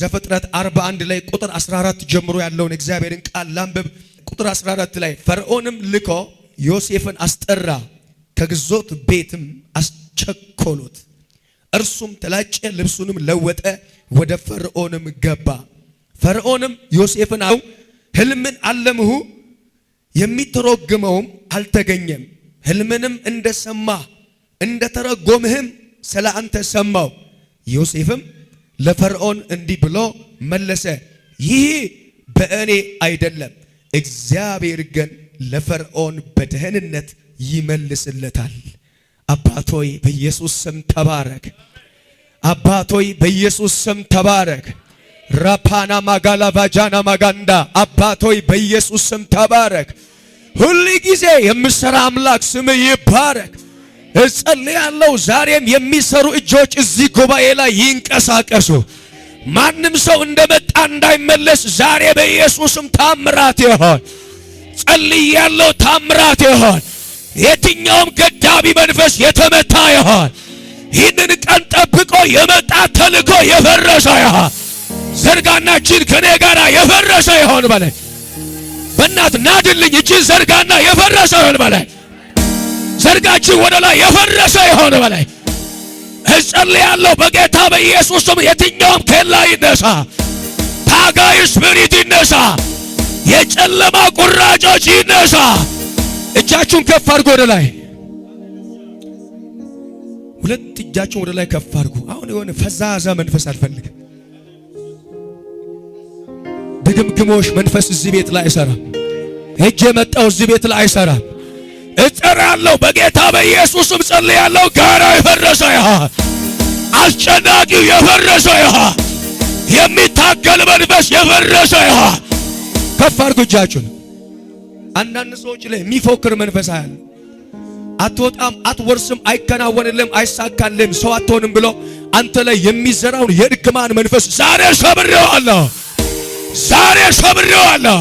ዘፍጥረት 41 ላይ ቁጥር 14 ጀምሮ ያለውን እግዚአብሔርን ቃል ላንብብ። ቁጥር 14 ላይ ፈርዖንም ልኮ ዮሴፍን አስጠራ፣ ከግዞት ቤትም አስቸኮሉት። እርሱም ተላጨ፣ ልብሱንም ለወጠ፣ ወደ ፈርዖንም ገባ። ፈርዖንም ዮሴፍን አው ህልምን አለምሁ፣ የሚተረጉመውም አልተገኘም። ህልምንም እንደሰማ እንደተረጎምህም ስለ አንተ ሰማው። ዮሴፍም ለፈርዖን እንዲህ ብሎ መለሰ፣ ይህ በእኔ አይደለም፣ እግዚአብሔር ግን ለፈርዖን በደህንነት ይመልስለታል። አባቶይ በኢየሱስ ስም ተባረክ። አባቶይ በኢየሱስ ስም ተባረክ። ራፓና ማጋላ ቫጃና ማጋንዳ አባቶይ በኢየሱስ ስም ተባረክ። ሁል ጊዜ የምሰራ አምላክ ስም ይባረክ። እጸልያለሁ። ዛሬም የሚሰሩ እጆች እዚህ ጉባኤ ላይ ይንቀሳቀሱ። ማንም ሰው እንደመጣ እንዳይመለስ ዛሬ በኢየሱስም ታምራት ይሆን። ጸልያለሁ። ታምራት ይሆን። የትኛውም ገዳቢ መንፈስ የተመታ ይሆን። ይህንን ቀን ጠብቆ የመጣ ተልእኮ የፈረሰ ይሆን። ዘርጋና እጅን ከኔ ጋር የፈረሰ ይሆን በላይ በእናት ናድልኝ። እጅን ዘርጋና የፈረሰ ይሆን በላይ ዘርጋችሁ ወደ ላይ የፈረሰ የሆነ በላይ እጸልያለሁ በጌታ በኢየሱስ ስም የትኛውም ኬላ ይነሳ፣ ታጋይ ስፒሪት ይነሳ፣ የጨለማ ቁራጮች ይነሳ። እጃችሁን ከፍ አድርጎ ወደ ላይ ሁለት እጃችሁን ወደ ላይ ከፍ አድርጎ አሁን የሆነ ፈዛዛ መንፈስ አልፈልግም። ድግምግሞሽ መንፈስ እዚህ ቤት ላይ አይሰራም። እጅ የመጣው እዚህ ቤት ላይ አይሰራም። እጠራለሁ። በጌታ በኢየሱስም ጸልያለሁ። ጋራ የፈረሰ ይሃ አስጨናቂው የፈረሰ ይሃ የሚታገል መንፈስ የፈረሰ ይሃ ከፍ አድርጉ እጃችሁን። አንዳንድ ሰዎች ላይ የሚፎክር መንፈስ አያለ አትወጣም፣ አትወርስም፣ አይከናወንልም፣ አይሳካልም፣ ሰው አትሆንም ብሎ አንተ ላይ የሚዘራውን የእርግማን መንፈስ ዛሬ ሰብሬዋለሁ፣ ዛሬ ሰብሬዋለሁ፣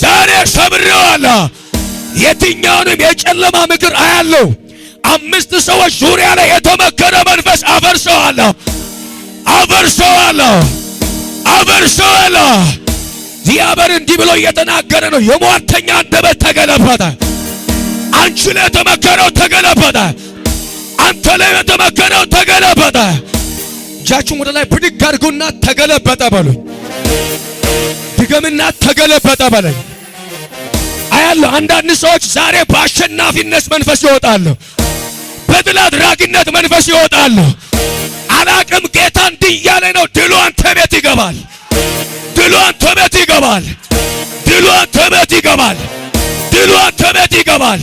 ዛሬ ሰብሬዋለሁ። የትኛውንም የጨለማ ምክር አያለሁ። አምስት ሰዎች ዙሪያ ላይ የተመከረ መንፈስ አፈርሰዋለሁ፣ አፈርሰዋለሁ፣ አፈርሰዋለሁ። ዚያበር እንዲህ ብሎ እየተናገረ ነው። የሟርተኛ አንደበት ተገለበጠ። አንቺ ላይ የተመከረው ተገለበጠ። አንተ ላይ የተመከረው ተገለበጠ። እጃችሁን ወደ ላይ ብድግ አድርጉና ተገለበጠ በሉኝ። ድገምና ተገለበጠ በለኝ። አያለሁ። አንዳንድ ሰዎች ዛሬ በአሸናፊነት መንፈስ ይወጣሉ፣ በጥላት ራቂነት መንፈስ ይወጣሉ። አላቅም ጌታ እንዲህ እያለ ነው። ድሉ አንተ ቤት ይገባል፣ ድሉ አንተ ቤት ይገባል፣ ድሉ አንተ ቤት ይገባል፣ ድሉ አንተ ቤት ይገባል፣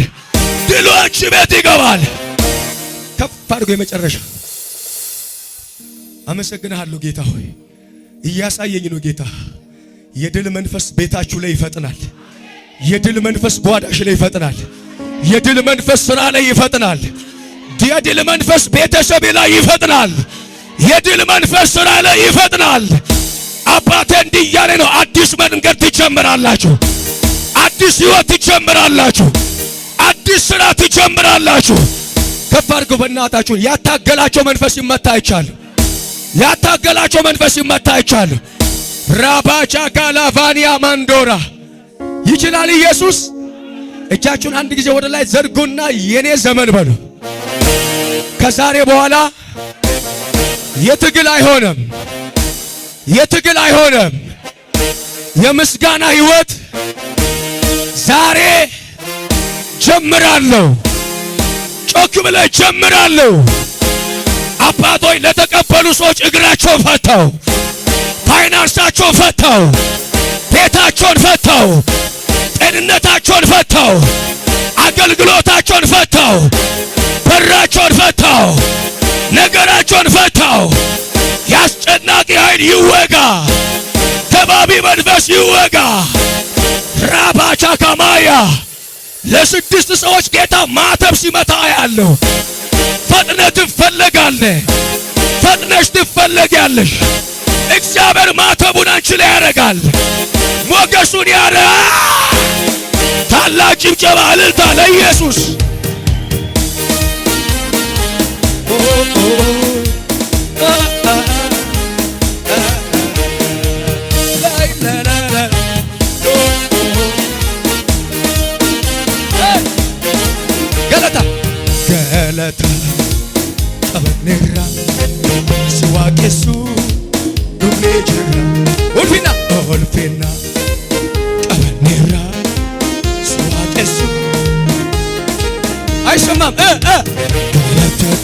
ድሉ አንቺ ቤት ይገባል። ከፍ አድርጎ የመጨረሻ አመሰግናለሁ ጌታ ሆይ፣ እያሳየኝ ነው ጌታ። የድል መንፈስ ቤታችሁ ላይ ይፈጥናል። የድል መንፈስ ጓዳሽ ላይ ይፈጥናል። የድል መንፈስ ስራ ላይ ይፈጥናል። የድል መንፈስ ቤተሰብ ላይ ይፈጥናል። የድል መንፈስ ስራ ላይ ይፈጥናል። አባቴ እንዲህ እያለ ነው። አዲስ መንገድ ትጀምራላችሁ። አዲስ ህይወት ትጀምራላችሁ። አዲስ ስራ ትጀምራላችሁ። ከፍ አድርገው በእናታችሁ። ያታገላቸው መንፈስ ይመታ ይቻል። ያታገላቸው መንፈስ ይመታ ይቻል። ራባቻ ካላቫኒያ ማንዶራ ይችላል ኢየሱስ። እጃችሁን አንድ ጊዜ ወደ ላይ ዘርጉና የኔ ዘመን በሉ። ከዛሬ በኋላ የትግል አይሆንም፣ የትግል አይሆንም። የምስጋና ህይወት ዛሬ ጀምራለሁ። ጮክ ብለህ ጀምራለሁ። አባቶች ለተቀበሉ ሰዎች እግራቸው ፈታው፣ ፋይናንሳቸው ፈታው፣ ቤታቸውን ፈታው። ጤንነታቸውን ፈታው፣ አገልግሎታቸውን ፈታው፣ በራቸውን ፈታው፣ ነገራቸውን ፈታው። ያስጨናቂ ኃይል ይወጋ፣ ከባቢ መንፈስ ይወጋ። ራባቻ ካማያ ለስድስት ሰዎች ጌታ ማተብ ሲመታ ያለው ፈጥነ ትፈለጋለ፣ ፈጥነሽ ትፈለጊያለሽ። እግዚአብሔር ማተቡን አንቺ ላይ ያደርጋል። ሞገሱን ያረ ታላቅ ጭብጨባ እልልታ ለኢየሱስ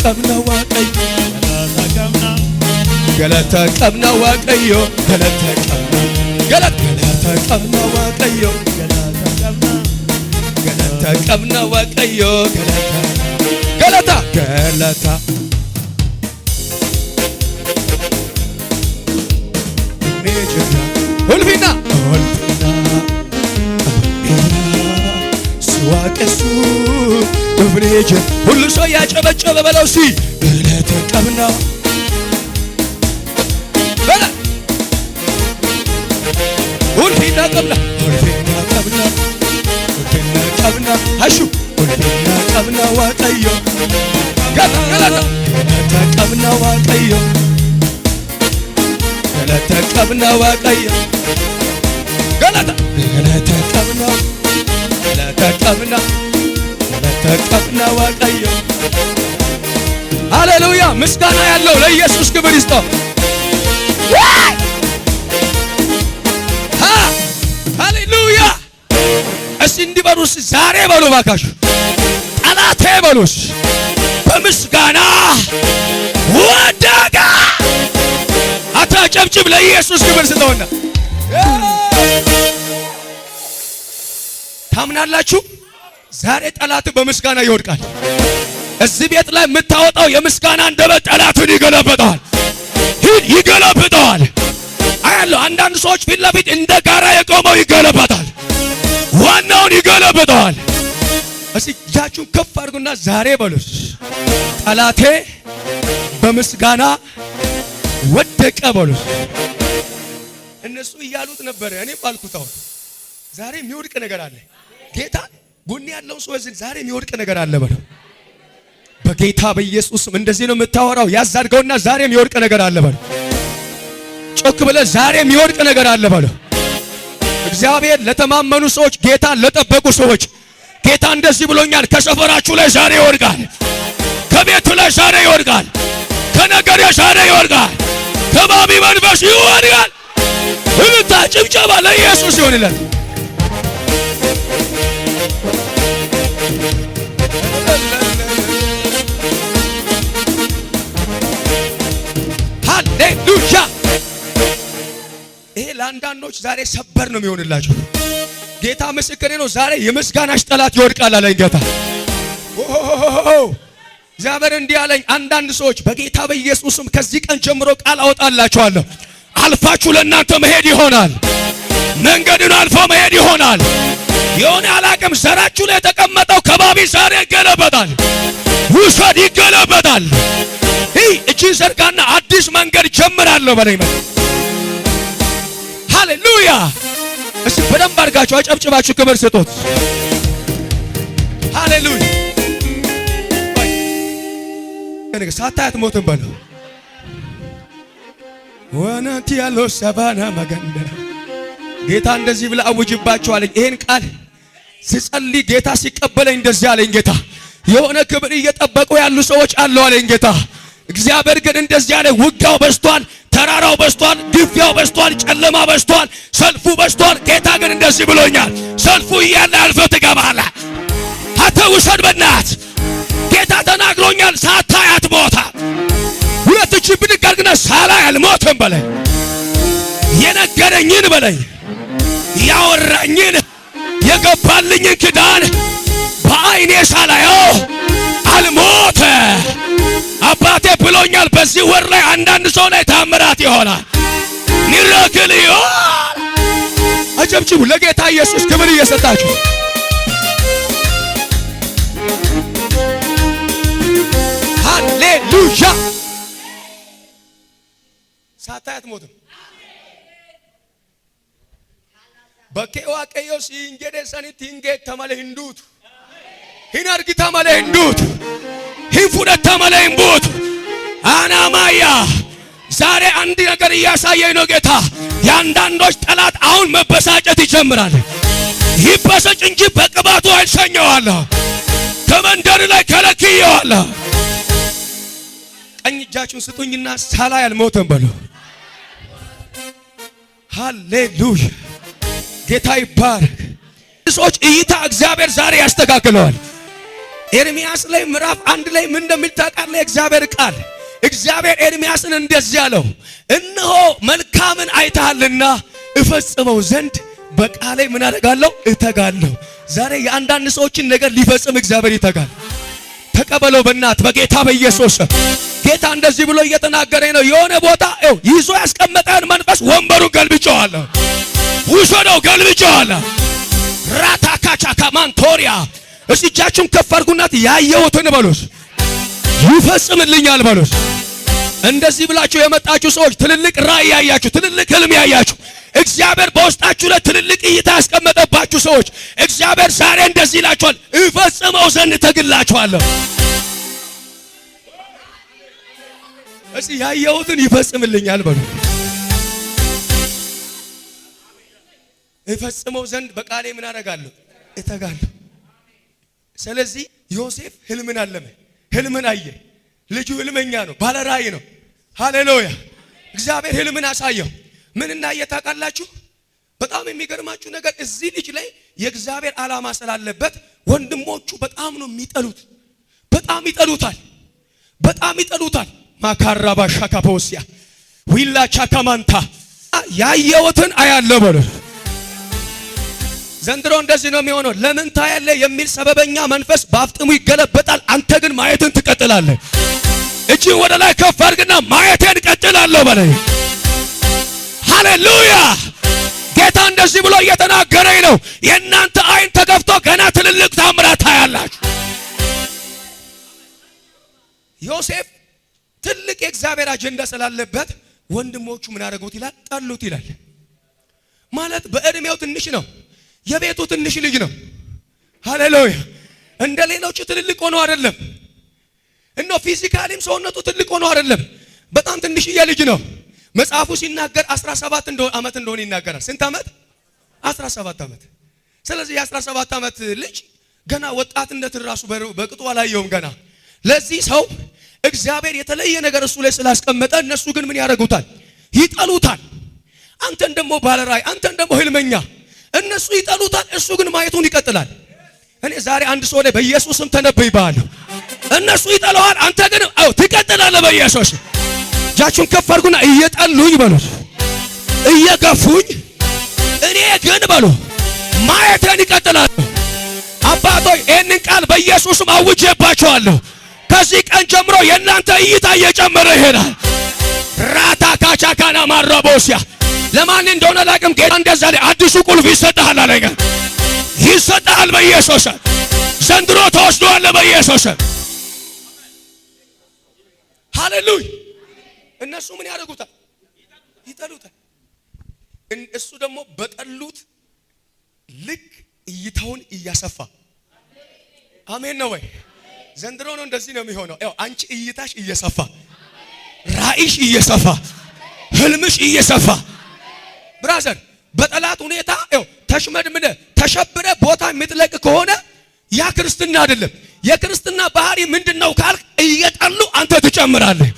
ቀብነዋ ቀዮ ገለተ ቀብነዋ ቀዮ ገለተ ቀብነ ገለተ ቀብነዋ ቀዮ ገለተ ቀብነዋ ቀዮ ገለተ ገለታ ሁልፊና ሁልፊና ስዋቀሱ እብሬጀ ሁሉ ሰው ያጨበጨበ በለው ሲ ዕለተ ቀብና በለ ወልፌና ቀብና ወልፌና ቀብና ወልፌና ቀብና አሹ ወልፌና ቀብና ቀብና ዋጠዮ ዕለተ ቀብና ዋጠዮ ተቀብለው ቀዩ። ሃሌሉያ! ምስጋና ያለው ለኢየሱስ ክብር ይስጠው። ሃሌሉያ! እስቲ እንዲህ በሉስ፣ ዛሬ በሉ እባካችሁ፣ ጠላቴ በሉስ በምስጋና ወደቀ። አታጨብጭብ፣ ለኢየሱስ ክብር ስጠውና ታምናላችሁ። ዛሬ ጠላት በምስጋና ይወድቃል። እዚህ ቤት ላይ የምታወጣው የምስጋና አንደበት ጠላትን ይገለብጠዋል። ሂድ ይገለብጠዋል። አያለሁ አንዳንድ ሰዎች ፊት ለፊት እንደ ጋራ የቆመው ይገለበጣል። ዋናውን ይገለብጠዋል። እስቲ እጃችሁን ከፍ አድርጉና ዛሬ በሉት ጠላቴ በምስጋና ወደቀ በሉት። እነሱ እያሉት ነበረ፣ እኔም አልኩት። አሁን ዛሬ የሚወድቅ ነገር አለ ጌታ ጎን ያለውን ሰው እዚህ ዛሬ የሚወድቅ ነገር አለ በለው። በጌታ በኢየሱስም እንደዚህ ነው የምታወራው። ያዛድገውና ዛሬ የሚወድቅ ነገር አለ በለው። ጮክ ብለ ዛሬ የሚወድቅ ነገር አለ በለው። እግዚአብሔር ለተማመኑ ሰዎች፣ ጌታን ለጠበቁ ሰዎች ጌታ እንደዚህ ብሎኛል። ከሰፈራችሁ ላይ ዛሬ ይወድቃል። ከቤቱ ላይ ዛሬ ይወድቃል። ከነገር ዛሬ ይወድቃል። ከባቢ መንፈስ ይወድቃል። ሁሉታ ጭብጨባ ለኢየሱስ ይሆንለት። ለአንዳንዶች ዛሬ ሰበር ነው የሚሆንላችሁ። ጌታ ምስክሬ ነው። ዛሬ የምስጋናሽ ጠላት ይወድቃል አለኝ ጌታ። እግዚአብሔር እንዲህ አለኝ፣ አንዳንድ ሰዎች በጌታ በኢየሱስም ከዚህ ቀን ጀምሮ ቃል አወጣላችኋለሁ፣ አልፋችሁ ለእናንተ መሄድ ይሆናል። መንገድን አልፎ መሄድ ይሆናል። የሆነ አላቅም ዘራችሁ ላይ የተቀመጠው ከባቢ ዛሬ ይገለበጣል። ውሰድ፣ ይገለበጣል። ይህ እጅ ዘርጋና አዲስ መንገድ ጀምራለሁ በለኝ ሃሌሉያ! በደንብ አድርጋችሁ አጨብጭባችሁ ክብር ስጡት። ሃሌሉያ! ሳታያት ሞትን በለው ወናንቲ ሰባና መገንደ ጌታ እንደዚህ ብለ አውጅባችሁ አለኝ። ይሄን ቃል ስጸልይ ጌታ ሲቀበለኝ እንደዚህ አለኝ። ጌታ የሆነ ክብር እየጠበቁ ያሉ ሰዎች አለኝ ጌታ እግዚአብሔር ግን እንደዚህ ያለ ውጊያው በስቷል፣ ተራራው በስቷል፣ ግፊያው በስቷል፣ ጨለማ በስቷል፣ ሰልፉ በስቷል። ጌታ ግን እንደዚህ ብሎኛል፣ ሰልፉ እያለ አልፈ ትገባለህ። አንተ ውሰድ በናት ጌታ ተናግሮኛል። ሳታይ አትሞታም። ሁለት እጅ ብድግ አድርግና ሳላይ አልሞትም በለኝ፣ የነገረኝን በለኝ፣ ያወራኝን የገባልኝን ኪዳን በአይኔ ሳላ ብሎኛል። በዚህ ወር ላይ አንዳንድ ሰው ላይ ታምራት ይሆናል፣ ሚራክል ይሆናል። አጨብጭቡ ለጌታ ኢየሱስ ክብር እየሰጣችሁ ሃሌሉያ። ሳታያት ሞትም ሰኒ ቲንጌ ቲንጌተመለ ሂንዱቱ ሂን አርጊተመለ ሂንዱቱ ሂን ፉደተመለ ሂንቡቱ አናማያ ዛሬ አንድ ነገር እያሳየኝ ነው ጌታ። የአንዳንዶች ጠላት አሁን መበሳጨት ይጀምራል። ይበሰጭ እንጂ በቅባቱ አልሸኘዋለሁ። ከመንደር ላይ ከለክየዋለሁ። ቀኝ እጃችሁን ስጡኝና ሳላይ አልሞተም በሉ። ሃሌሉያ ጌታ ይባረክ። ሰዎች እይታ እግዚአብሔር ዛሬ ያስተካክለዋል። ኤርሚያስ ላይ ምዕራፍ አንድ ላይ ምን እንደሚል ታውቃለህ? እግዚአብሔር ቃል እግዚአብሔር ኤርምያስን እንደዚህ አለው፣ እነሆ መልካምን አይተሃልና እፈጽመው ዘንድ በቃሌ ምን አደርጋለሁ? እተጋለሁ። ዛሬ የአንዳንድ ሰዎችን ነገር ሊፈጽም እግዚአብሔር ይተጋል። ተቀበለው በእናት በጌታ በኢየሱስ ጌታ እንደዚህ ብሎ እየተናገረኝ ነው። የሆነ ቦታ ይዞ ያስቀመጠህን መንፈስ ወንበሩን ገልብጨዋለ፣ ውሾ ነው ገልብጨዋለሁ። ራታካቻ ከማንቶሪያ እስ እጃችሁን ከፈርጉናት አድርጉናት ያየሁትን በሎች ይፈጽምልኛል በሉት። እንደዚህ ብላችሁ የመጣችሁ ሰዎች ትልልቅ ራእይ ያያችሁ፣ ትልልቅ ህልም ያያችሁ፣ እግዚአብሔር በውስጣችሁ ላይ ትልልቅ እይታ ያስቀመጠባችሁ ሰዎች እግዚአብሔር ዛሬ እንደዚህ ይላችኋል፣ እፈጽመው ዘንድ ተግላችኋለሁ። ያየሁትን ይፈጽምልኛል በሉ። እፈጽመው ዘንድ በቃሌ ምን አደርጋለሁ? እተጋለሁ። ስለዚህ ዮሴፍ ህልምን አለመ። ህልምን አየ። ልጁ ህልመኛ ነው፣ ባለ ራእይ ነው። ሃሌሉያ! እግዚአብሔር ህልምን አሳየው። ምን እናየ ታውቃላችሁ? በጣም የሚገርማችሁ ነገር እዚህ ልጅ ላይ የእግዚአብሔር ዓላማ ስላለበት ወንድሞቹ በጣም ነው የሚጠሉት። በጣም ይጠሉታል። በጣም ይጠሉታል። ማካራባ ሻካፖስያ ዊላ ቻካማንታ ያየሁትን አያለ በሉ ዘንድሮ እንደዚህ ነው የሚሆነው። ለምን ታያለህ የሚል ሰበበኛ መንፈስ በአፍጥሙ ይገለበጣል። አንተ ግን ማየትን ትቀጥላለህ። እጅን ወደ ላይ ከፍ አድርግና ማየቴን ቀጥላለሁ በለኝ። ሃሌሉያ! ጌታ እንደዚህ ብሎ እየተናገረኝ ነው። የእናንተ አይን ተከፍቶ ገና ትልልቅ ታምራት ታያላችሁ። ዮሴፍ ትልቅ የእግዚአብሔር አጀንዳ ስላለበት ወንድሞቹ ምን አደረጉት ይላል? ጠሉት ይላል። ማለት በእድሜው ትንሽ ነው የቤቱ ትንሽ ልጅ ነው። ሃሌሉያ! እንደ ሌሎቹ ትልልቅ ሆኖ አይደለም። እኖ ፊዚካሊም ሰውነቱ ትልቅ ሆኖ አይደለም። በጣም ትንሽዬ ልጅ ነው። መጽሐፉ ሲናገር 17 እንደሆነ ዓመት እንደሆነ ይናገራል። ስንት ዓመት? 17 ዓመት። ስለዚህ የ17 ዓመት ልጅ ገና ወጣትነት ራሱ በቅጡ አላየውም ገና። ለዚህ ሰው እግዚአብሔር የተለየ ነገር እሱ ላይ ስላስቀመጠ እነሱ ግን ምን ያደርጉታል? ይጠሉታል። አንተን ደግሞ ባለራእይ፣ አንተን ደግሞ ህልመኛ እነሱ ይጠሉታል፣ እሱ ግን ማየቱን ይቀጥላል። እኔ ዛሬ አንድ ሰው ላይ በኢየሱስም ስም ተነብይ እነሱ ይጠለዋል፣ አንተ ግን አው ትቀጥላለህ። በኢየሱስ እጃችሁን ከፍ አድርጉና እየጠሉኝ በሉት፣ እየገፉኝ እኔ ግን በሉ ማየቴን ይቀጥላለሁ። አባቶች ይህንን ቃል በኢየሱስም አውጄባቸዋለሁ። ከዚህ ቀን ጀምሮ የእናንተ እይታ እየጨመረ ይሄዳል። ራታ ካቻካና ማራቦሲያ ለማን እንደሆነ ላቅም ጌታ እንደዛ ላይ አዲሱ ቁልፍ ይሰጣል አለኝ። ይሰጣል በኢየሱስ ዘንድሮ ተወስዷል በኢየሱስ ሃሌሉያ። እነሱ ምን ያደርጉታል? ይጠሉታል። እሱ ደግሞ በጠሉት ልክ እይታውን እያሰፋ አሜን ነው ወይ? ዘንድሮ ነው እንደዚህ ነው የሚሆነው። ያው አንቺ እይታሽ እየሰፋ ራእይሽ እየሰፋ ህልምሽ እየሰፋ ብራዘር በጠላት ሁኔታ ተሽመድምደ ተሸብረ ቦታ የምትለቅ ከሆነ ያ ክርስትና አይደለም። የክርስትና ባህሪ ምንድን ነው ካልክ እየጠሉ አንተ ትጨምራለህ።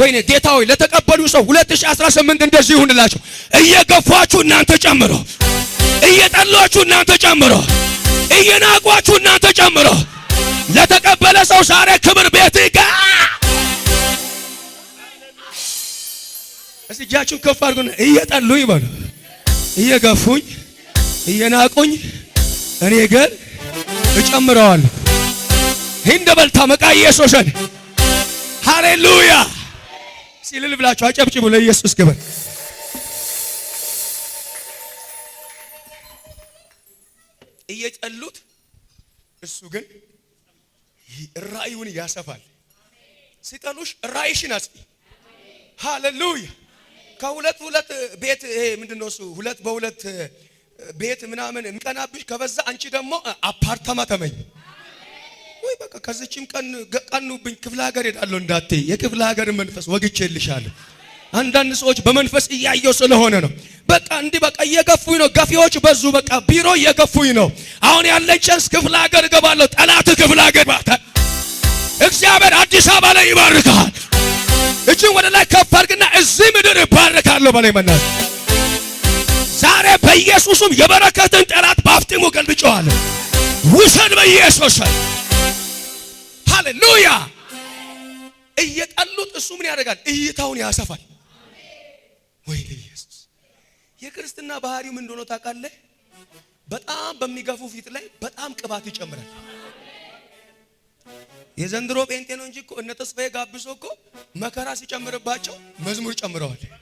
ወይኔ ጌታ ሆይ ለተቀበሉ ሰው 2018 እንደዚህ ይሁንላቸው። እየገፏችሁ እናንተ ጨምሮ፣ እየጠሏችሁ እናንተ ጨምሮ፣ እየናቋችሁ እናንተ ጨምሮ። ለተቀበለ ሰው ዛሬ ክብር ቤት ጋር እስቲ እጃችሁን ከፍ አድርጉና እየጠሉ ይበሉ። እየገፉኝ፣ እየናቁኝ እኔ ግን እጨምረዋለሁ። ይህን ደበልታ መቃ ኢየሱስን ሃሌሉያ ሲልል ብላችሁ አጨብጭቡ ለኢየሱስ ክብር። እየጠሉት እሱ ግን ራእዩን ያሰፋል። ሲጠሉሽ ራእይሽን አጽኚ። ሃሌሉያ ከሁለት ሁለት ቤት ይሄ ምንድነው እሱ ሁለት በሁለት ቤት ምናምን የሚቀናብሽ ከበዛ አንቺ ደግሞ አፓርታማ ተመኝ ወይ በቃ ከዚችም ቀን ቀኑብኝ ክፍለ ሀገር ሄዳለሁ እንዳትይ የክፍለ ሀገር መንፈስ ወግቼልሻለሁ አንዳንድ ሰዎች በመንፈስ እያየው ስለሆነ ነው በቃ እንዲህ በቃ እየገፉኝ ነው ገፊዎች በዙ በቃ ቢሮ እየገፉኝ ነው አሁን ያለኝ ቻንስ ክፍለ ሀገር እገባለሁ ጠላት ክፍለ ሀገር እግዚአብሔር አዲስ አበባ ላይ ይባርካል እጅን ወደ ላይ ከፍ አድርግና እዚህ ምድር እባረካለሁ በላይ መናገር ዛሬ በኢየሱስም የበረከትን ጠላት በአፍጢሙ ገልብጨዋለሁ። ውሰድ በኢየሱስ ሃሌሉያ። እየጠሉት እሱ ምን ያደርጋል? እይታውን ያሰፋል። ወይ ለኢየሱስ የክርስትና ባህሪው ምን እንደሆነ ታውቃለህ? በጣም በሚገፉ ፊት ላይ በጣም ቅባት ይጨምራል። የዘንድሮ ጴንጤ ነው እንጂ እነ ተስፋዬ ጋብሶ እኮ መከራ ሲጨምርባቸው መዝሙር ጨምረዋል።